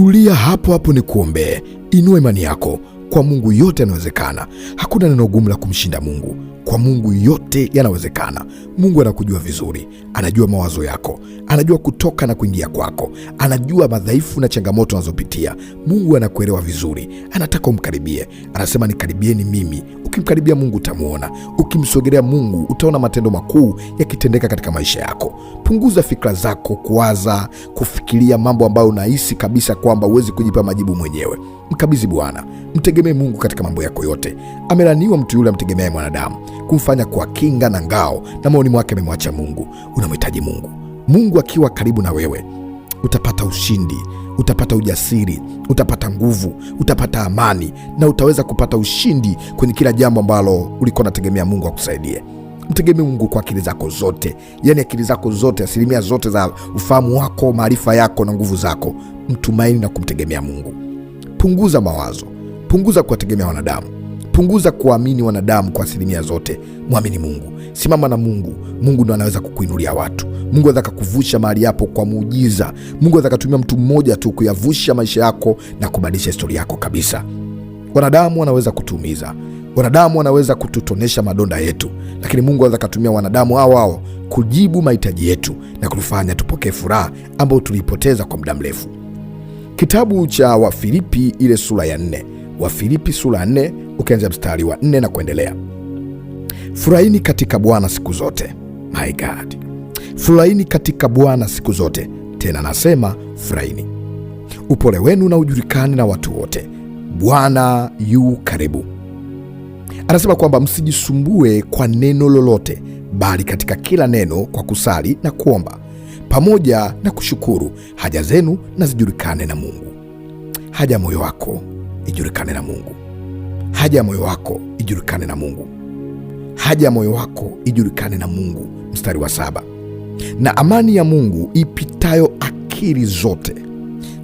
Tulia hapo hapo, ni kuombee. Inua imani yako kwa Mungu, yote yanawezekana. Hakuna neno gumu la kumshinda Mungu. Kwa Mungu yote yanawezekana. Mungu anakujua vizuri, anajua mawazo yako, anajua kutoka na kuingia kwako, anajua madhaifu na changamoto unazopitia. Mungu anakuelewa vizuri, anataka umkaribie. Anasema nikaribieni mimi. Ukimkaribia Mungu utamwona, ukimsogelea Mungu utaona matendo makuu yakitendeka katika maisha yako. Punguza fikra zako kuwaza, kufikiria mambo ambayo unahisi kabisa kwamba huwezi kujipa majibu mwenyewe. Mkabidhi Bwana, mtegemee Mungu katika mambo yako yote. Amelaniwa mtu yule amtegemeaye mwanadamu kumfanya kwa kinga na ngao, na maoni mwake amemwacha Mungu. Unamhitaji Mungu. Mungu akiwa karibu na wewe, utapata ushindi, utapata ujasiri, utapata nguvu, utapata amani, na utaweza kupata ushindi kwenye kila jambo ambalo ulikuwa unategemea Mungu akusaidie. Mtegemee Mungu kwa akili zako zote, yani akili zako zote, asilimia zote za ufahamu wako, maarifa yako na nguvu zako. Mtumaini na kumtegemea Mungu. Punguza mawazo, punguza kuwategemea wanadamu. Punguza kuwaamini wanadamu kwa asilimia zote, mwamini Mungu. Simama na Mungu. Mungu ndo anaweza kukuinulia watu. Mungu aweza kakuvusha mahali yapo kwa muujiza. Mungu aweza kutumia mtu mmoja tu kuyavusha maisha yako na kubadilisha historia yako kabisa. Wanadamu wanaweza kutuumiza, wanadamu wanaweza kututonesha madonda yetu, lakini Mungu anaweza katumia wanadamu hao hao kujibu mahitaji yetu na kutufanya tupokee furaha ambayo tuliipoteza kwa muda mrefu. Kitabu cha Wafilipi ile sura ya wa Filipi sura 4 ukianzia mstari wa 4 na kuendelea. Furahini katika Bwana siku zote. My God, furahini katika Bwana siku zote, tena nasema furahini. Upole wenu na ujulikane na watu wote, Bwana yu karibu. Anasema kwamba msijisumbue kwa neno lolote, bali katika kila neno kwa kusali na kuomba pamoja na kushukuru, haja zenu na zijulikane na Mungu. Haja moyo wako ijulikane na Mungu. Haja ya moyo wako ijulikane na Mungu. Haja ya moyo wako ijulikane na Mungu. Mstari wa saba, na amani ya Mungu ipitayo akili zote.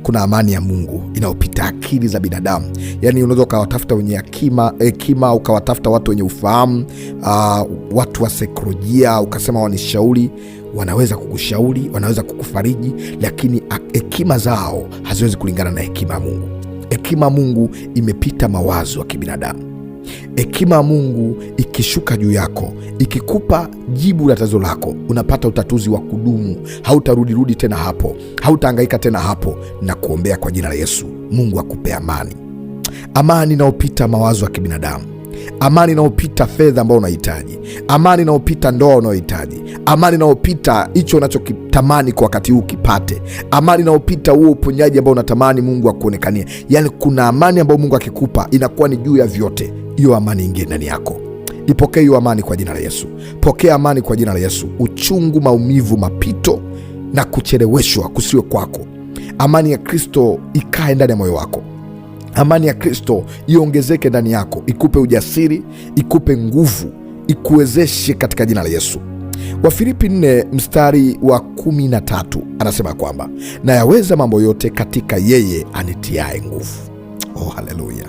Kuna amani ya Mungu inayopita akili za binadamu. Yaani, unaweza ukawatafuta wenye hekima, ukawatafuta watu wenye ufahamu, uh, watu wa saikolojia, ukasema wanishauri. Wanaweza kukushauri, wanaweza kukufariji, lakini hekima zao haziwezi kulingana na hekima ya Mungu. Hekima Mungu imepita mawazo ya kibinadamu. Hekima ya Mungu ikishuka juu yako, ikikupa jibu la tatizo lako, unapata utatuzi wa kudumu. Hautarudirudi tena hapo, hautaangaika tena hapo, na kuombea kwa jina la Yesu. Mungu akupe amani, amani inayopita mawazo ya kibinadamu amani inayopita fedha ambayo unahitaji, amani inayopita ndoa unayohitaji, amani inayopita hicho unachokitamani kwa wakati huu kipate, amani inayopita huo uponyaji ambao unatamani Mungu akuonekanie. Yaani kuna amani ambayo Mungu akikupa inakuwa ni juu ya vyote. Hiyo amani ingie ndani yako. Ipokee hiyo amani kwa jina la Yesu. Pokea amani kwa jina la Yesu. Uchungu, maumivu, mapito na kucheleweshwa kusiwe kwako. Amani ya Kristo ikae ndani ya moyo wako. Amani ya Kristo iongezeke ndani yako, ikupe ujasiri, ikupe nguvu, ikuwezeshe katika jina la Yesu. Wafilipi 4 mstari wa 13 anasema kwamba nayaweza mambo yote katika yeye anitiae nguvu. Oh, haleluya!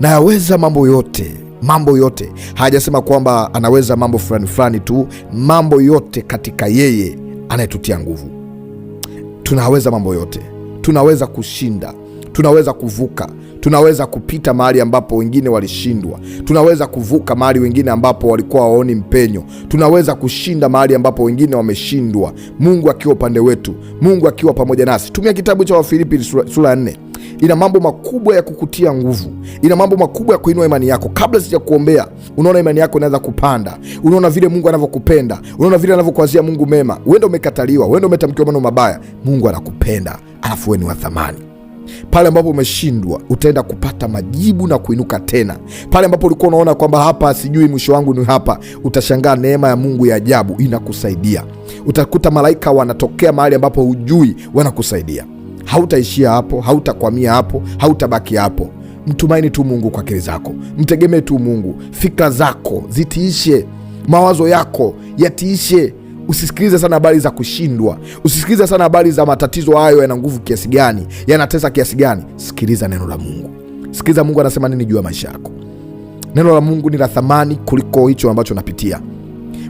Nayaweza mambo yote, mambo yote. Hajasema kwamba anaweza mambo fulani fulani tu, mambo yote katika yeye anayetutia nguvu. Tunaweza mambo yote, tunaweza kushinda tunaweza kuvuka, tunaweza kupita mahali ambapo wengine walishindwa, tunaweza kuvuka mahali wengine ambapo walikuwa waoni mpenyo, tunaweza kushinda mahali ambapo wengine wameshindwa, Mungu akiwa upande wetu, Mungu akiwa pamoja nasi. Tumia kitabu cha Wafilipi sura ya nne ina mambo makubwa ya kukutia nguvu, ina mambo makubwa ya kuinua imani yako. Kabla sija kuombea, unaona imani yako inaweza kupanda, unaona vile Mungu anavyokupenda, unaona vile anavyokuazia Mungu mema. Uenda umekataliwa, uenda umetamkiwa maneno mabaya, Mungu anakupenda, alafu wewe ni wa thamani. Pale ambapo umeshindwa utaenda kupata majibu na kuinuka tena. Pale ambapo ulikuwa unaona kwamba hapa sijui mwisho wangu ni hapa, utashangaa neema ya Mungu ya ajabu inakusaidia. Utakuta malaika wanatokea mahali ambapo hujui, wanakusaidia. Hautaishia hapo, hautakwamia hapo, hautabaki hapo. Mtumaini tu Mungu kwa akili zako, mtegemee tu Mungu. Fikra zako zitiishe, mawazo yako yatiishe Usisikilize sana habari za kushindwa, usisikilize sana habari za matatizo hayo yana nguvu kiasi gani, yanatesa kiasi gani. Sikiliza neno la Mungu, sikiliza Mungu anasema nini juu ya maisha yako. Neno la Mungu ni la thamani kuliko hicho ambacho unapitia.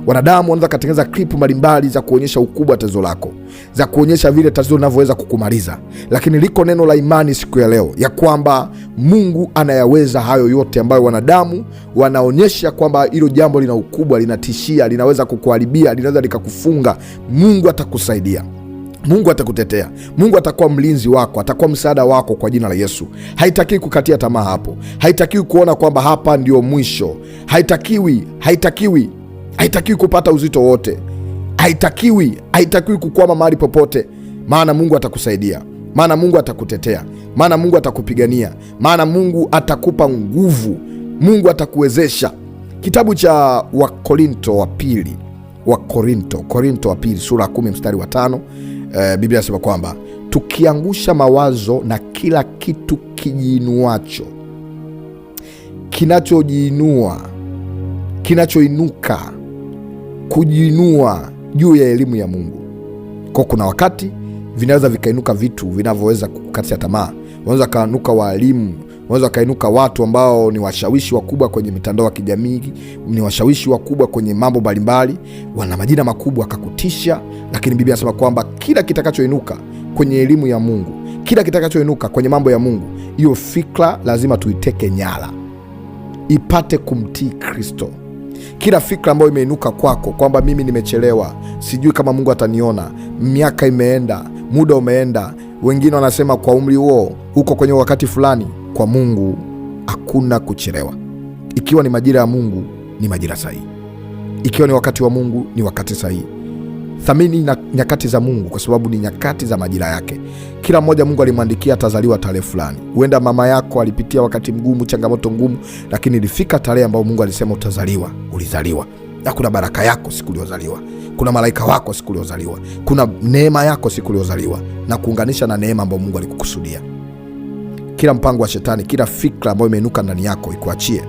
Wanadamu wanaweza kutengeneza klipu mbalimbali za kuonyesha ukubwa wa tatizo lako, za kuonyesha vile tatizo linavyoweza kukumaliza, lakini liko neno la imani siku ya leo ya kwamba Mungu anayaweza hayo yote ambayo wanadamu wanaonyesha kwamba hilo jambo lina ukubwa, linatishia, linaweza kukuharibia, linaweza likakufunga. Mungu atakusaidia. Mungu atakutetea. Mungu atakuwa mlinzi wako, atakuwa msaada wako kwa jina la Yesu. Haitakiwi kukatia tamaa hapo, haitakiwi kuona kwamba hapa ndio mwisho, haitakiwi, haitakiwi haitakiwi kupata uzito wote, haitakiwi haitakiwi kukwama mahali popote, maana Mungu atakusaidia, maana Mungu atakutetea, maana Mungu atakupigania, maana Mungu atakupa nguvu, Mungu atakuwezesha. Kitabu cha Wakorinto wa pili, Wakorinto, Korinto wa pili sura ya mstari wa tano, e, Biblia inasema kwamba tukiangusha mawazo na kila kitu kijiinuacho, kinachojiinua, kinachoinuka kujiinua juu ya elimu ya Mungu. Kwa kuna wakati vinaweza vikainuka vitu vinavyoweza kukatia tamaa. Wanaweza wakainuka waalimu, wanaweza wakainuka watu ambao ni washawishi wakubwa kwenye mitandao ya kijamii, ni washawishi wakubwa kwenye mambo mbalimbali, wana majina makubwa akakutisha. Lakini Biblia anasema kwamba kila kitakachoinuka kwenye elimu ya Mungu, kila kitakachoinuka kwenye mambo ya Mungu, hiyo fikra lazima tuiteke nyara, ipate kumtii Kristo. Kila fikra ambayo imeinuka kwako kwamba mimi nimechelewa, sijui kama Mungu ataniona, miaka imeenda, muda umeenda, wengine wanasema kwa umri huo huko kwenye wakati fulani, kwa Mungu hakuna kuchelewa. Ikiwa ni majira ya Mungu ni majira sahihi, ikiwa ni wakati wa Mungu ni wakati sahihi. Thamini na nyakati za Mungu kwa sababu ni nyakati za majira yake. Kila mmoja Mungu alimwandikia atazaliwa tarehe fulani. Huenda mama yako alipitia wakati mgumu, changamoto ngumu, lakini ilifika tarehe ambayo Mungu alisema utazaliwa, ulizaliwa. Na kuna baraka yako siku uliozaliwa, kuna malaika wako siku uliozaliwa, kuna neema yako siku uliozaliwa, na kuunganisha na neema ambayo Mungu alikukusudia. Kila mpango wa Shetani, kila fikra ambayo imeinuka ndani yako ikuachie,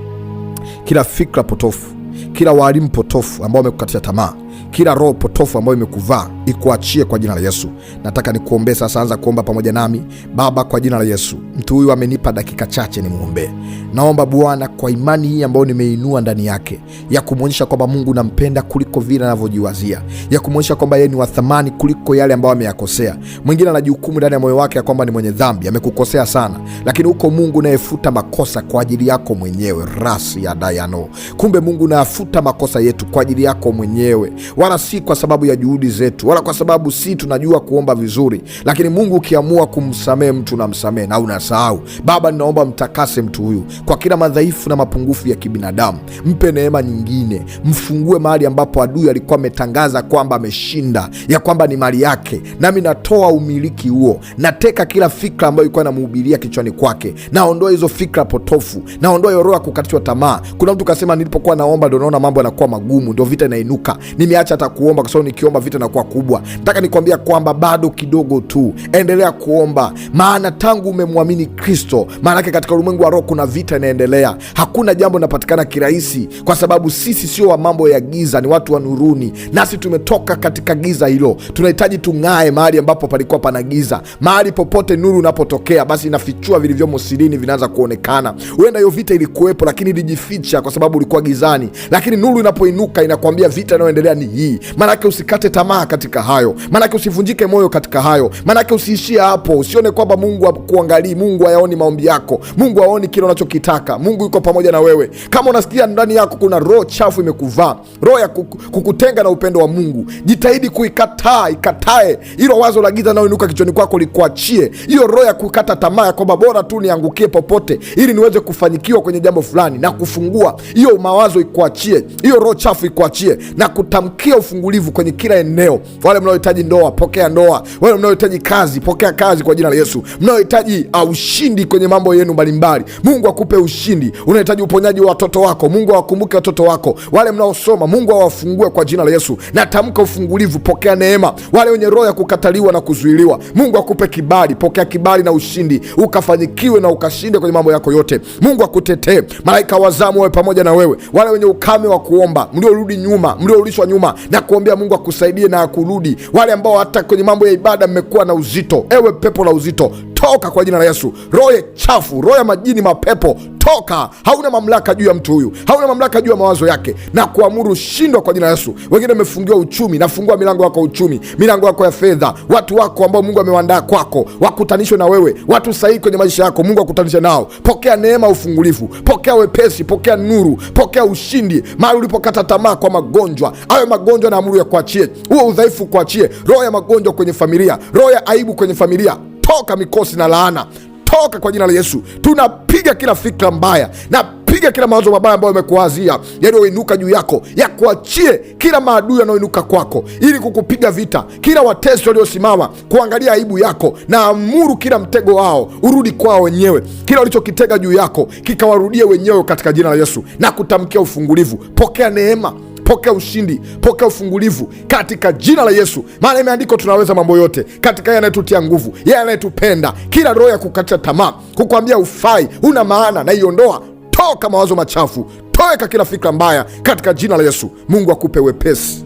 kila fikra potofu, kila walimu potofu ambao wamekukatia tamaa kila roho potofu ambayo imekuvaa ikuachie kwa jina la Yesu. Nataka nikuombee sasa, anza kuomba pamoja nami. Baba, kwa jina la Yesu, mtu huyu amenipa dakika chache nimwombee. Naomba Bwana, kwa imani hii ambayo nimeinua ndani yake ya kumwonyesha kwamba Mungu nampenda kuliko vile anavyojiwazia, ya kumwonyesha kwamba yeye ni wa thamani kuliko yale ambayo ameyakosea. Mwingine anajihukumu ndani ya moyo wake ya kwamba ni mwenye dhambi, amekukosea sana, lakini huko Mungu nayefuta makosa kwa ajili yako mwenyewe rasi ya dayano. Kumbe Mungu nayafuta makosa yetu kwa ajili yako mwenyewe, wala si kwa sababu ya juhudi zetu wala kwa sababu si tunajua kuomba vizuri, lakini Mungu ukiamua kumsamehe mtu namsamehe na unasahau. Baba, ninaomba mtakase mtu huyu kwa kila madhaifu na mapungufu ya kibinadamu, mpe neema nyingine, mfungue mahali ambapo adui alikuwa ametangaza kwamba ameshinda, ya kwamba ni mali yake. Nami natoa umiliki huo, nateka kila fikra ambayo ilikuwa inamhubiria kichwani kwake, naondoa hizo fikra potofu, naondoa roho ya kukatishwa tamaa. Kuna mtu kasema, nilipokuwa naomba ndo naona mambo yanakuwa magumu, ndo vita inainuka. Nimeacha hata kuomba kwa sababu nikiomba vita inakuwa kubwa kubwa. Nataka nikuambia kwamba bado kidogo tu, endelea kuomba, maana tangu umemwamini Kristo, maanake katika ulimwengu wa roho kuna vita inaendelea. Hakuna jambo linapatikana kirahisi, kwa sababu sisi sio wa mambo ya giza, ni watu wa nuruni, nasi tumetoka katika giza hilo. Tunahitaji tung'ae mahali ambapo palikuwa pana giza. Mahali popote nuru unapotokea, basi inafichua vilivyomo sirini, vinaanza kuonekana. Huenda hiyo vita ilikuwepo, lakini ilijificha kwa sababu ulikuwa gizani, lakini nuru inapoinuka inakuambia vita inayoendelea ni hii. Maanake usikate tamaa katika katika hayo, maanake usivunjike moyo katika hayo, maanake usiishie hapo. Usione kwamba Mungu akuangalii, Mungu hayaoni maombi yako, Mungu haoni kile unachokitaka. Mungu yuko pamoja na wewe. Kama unasikia ndani yako kuna roho chafu imekuvaa, roho ya kukutenga na upendo wa Mungu, jitahidi kuikataa, ikatae hilo wazo la giza naoinuka kichwani kwako, likuachie hiyo roho ya kukata tamaa ya kwamba bora tu niangukie popote ili niweze kufanyikiwa kwenye jambo fulani, na kufungua hiyo mawazo, ikuachie hiyo roho chafu, ikuachie na kutamkia ufungulivu kwenye kila eneo wale mnaohitaji ndoa, pokea ndoa. Wale mnaohitaji kazi, pokea kazi kwa jina la Yesu. Mnaohitaji uh, ushindi kwenye mambo yenu mbalimbali, Mungu akupe ushindi. Unahitaji uponyaji wa watoto wako, Mungu awakumbuke watoto wako. Wale mnaosoma, Mungu awafungue kwa jina la Yesu. Natamka ufungulivu, pokea neema. Wale wenye roho ya kukataliwa na kuzuiliwa, Mungu akupe kibali, pokea kibali na ushindi, ukafanyikiwe na ukashinde kwenye mambo yako yote. Mungu akutetee, malaika wazamu wawe pamoja na wewe. Wale wenye ukame wa kuomba, mliorudi nyuma, mliorudishwa nyuma na kuombea, Mungu akusaidie na akulu kurudi. Wale ambao hata kwenye mambo ya ibada mmekuwa na uzito, ewe pepo la uzito toka kwa jina la Yesu. Roho ya chafu, roho ya majini, mapepo, toka! Hauna mamlaka juu ya mtu huyu, hauna mamlaka juu ya mawazo yake, na kuamuru shindwa kwa jina la Yesu. Wengine wamefungiwa uchumi, nafungua milango yako ya uchumi, milango yako ya fedha. Watu wako ambao Mungu amewaandaa kwako wakutanishwe na wewe, watu sahihi kwenye maisha yako, Mungu akutanishe nao. Pokea neema, ufungulifu, pokea wepesi, pokea nuru, pokea ushindi mahali ulipokata tamaa kwa magonjwa. Ayo magonjwa na amuru ya kuachie, huo udhaifu kuachie, roho ya magonjwa kwenye familia, roho ya aibu kwenye familia toka mikosi na laana, toka kwa jina la Yesu. Tunapiga kila fikra mbaya na piga kila mawazo mabaya ambayo yamekuazia yaliyoinuka juu yako, yakuachie kila maadui yanayoinuka kwako ili kukupiga vita, kila watesi waliosimama kuangalia aibu yako, na amuru kila mtego wao urudi kwao wenyewe, kila walichokitega juu yako kikawarudie wenyewe katika jina la Yesu, na kutamkia ufungulivu. Pokea neema Pokea ushindi, pokea ufungulivu katika jina la Yesu, maana imeandikwa tunaweza mambo yote katika yeye anayetutia nguvu, yeye anayetupenda. Kila roho ya kukatisha tamaa, kukwambia ufai, una maana, naiondoa. Toka mawazo machafu, toweka kila fikra mbaya katika jina la Yesu. Mungu akupe wepesi,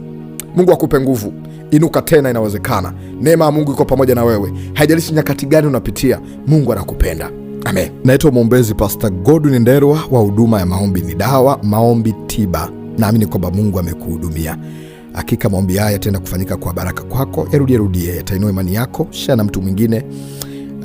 Mungu akupe nguvu. Inuka tena, inawezekana. Neema ya Mungu iko pamoja na wewe, haijalishi nyakati gani unapitia. Mungu anakupenda. Amen. Naitwa mwombezi Pastor Godwin Nderwa wa huduma ya Maombi ni Dawa, maombi tiba Naamini kwamba Mungu amekuhudumia. Hakika maombi haya yataenda kufanyika kwa baraka kwako. Yarudie rudie, yatainua imani yako. Share na mtu mwingine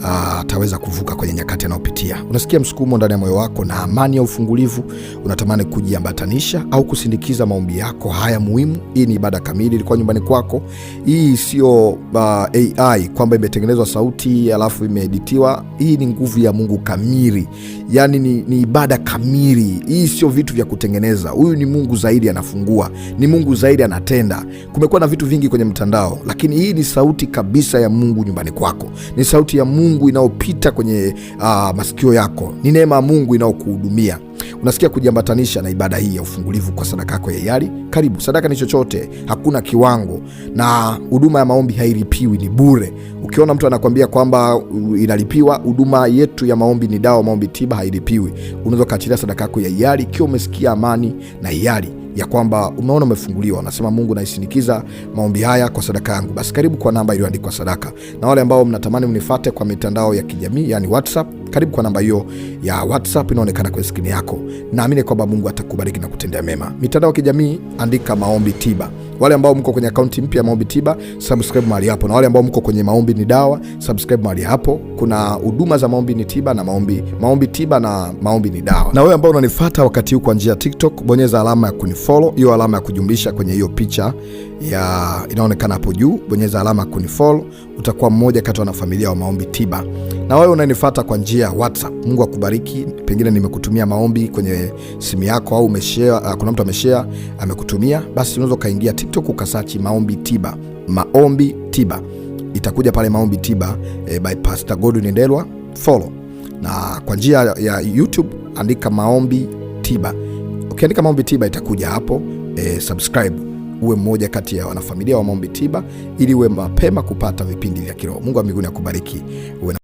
ah, ataweza kuvuka kwenye nyakati anayopitia. Unasikia msukumo ndani ya moyo wako na amani ya ufungulivu, unatamani kujiambatanisha au kusindikiza maombi yako haya muhimu. Hii ni ibada kamili, ilikuwa nyumbani kwako. Hii sio uh, ah, AI kwamba imetengenezwa sauti alafu imeeditiwa. Hii ni nguvu ya Mungu kamili yani ni, ni ibada kamili. Hii sio vitu vya kutengeneza. Huyu ni Mungu zaidi anafungua, ni Mungu zaidi anatenda. Kumekuwa na vitu vingi kwenye mtandao, lakini hii ni sauti kabisa ya Mungu nyumbani kwako, ni sauti ya Mungu inayopita kwenye uh, masikio yako, ni neema ya Mungu inayokuhudumia unasikia kujiambatanisha na ibada hii ya ufungulivu kwa sadaka yako ya hiari. Karibu. Sadaka ni chochote, hakuna kiwango, na huduma ya maombi hairipiwi ni bure. Ukiona mtu anakwambia kwamba inalipiwa, huduma yetu ya maombi ni dawa, maombi tiba, hairipiwi. Unaweza ukaachilia sadaka yako ya hiari ikiwa umesikia amani na hiari ya kwamba umeona umefunguliwa, unasema Mungu, naisinikiza maombi haya kwa sadaka yangu. Basi karibu kwa namba iliyoandikwa sadaka, na wale ambao mnatamani mnifate kwa mitandao ya kijamii, yani WhatsApp karibu kwa namba hiyo ya WhatsApp inaonekana kwenye skrini yako. Naamini kwamba Mungu atakubariki na kutendea mema. Mitandao ya kijamii, andika maombi tiba. Wale ambao mko kwenye akaunti mpya ya maombi tiba, subscribe mahali hapo, na wale ambao mko kwenye maombi ni dawa, subscribe mahali hapo. Kuna huduma za maombi ni tiba na maombi, maombi tiba na maombi ni dawa. Na wewe ambao unanifuata wakati huu kwa njia ya TikTok, bonyeza alama ya kunifollow, hiyo alama ya kujumlisha kwenye hiyo picha ya inaonekana hapo juu, bonyeza alama ya kunifollow utakuwa mmoja kati ya wanafamilia wa maombi tiba. Na wewe unanifata kwa njia ya WhatsApp, Mungu akubariki. Pengine nimekutumia maombi kwenye simu yako au umeshare, ah, kuna mtu ameshare amekutumia, basi unaweza ukaingia TikTok ukasachi maombi tiba, maombi tiba, itakuja pale maombi tiba e, by Pastor Godwin Ndelwa follow, na kwa njia ya YouTube andika maombi tiba. Ukiandika maombi tiba itakuja hapo e, subscribe uwe mmoja kati ya wanafamilia wa Maombi Tiba ili uwe mapema kupata vipindi vya kiroho. Mungu wa mbinguni akubariki.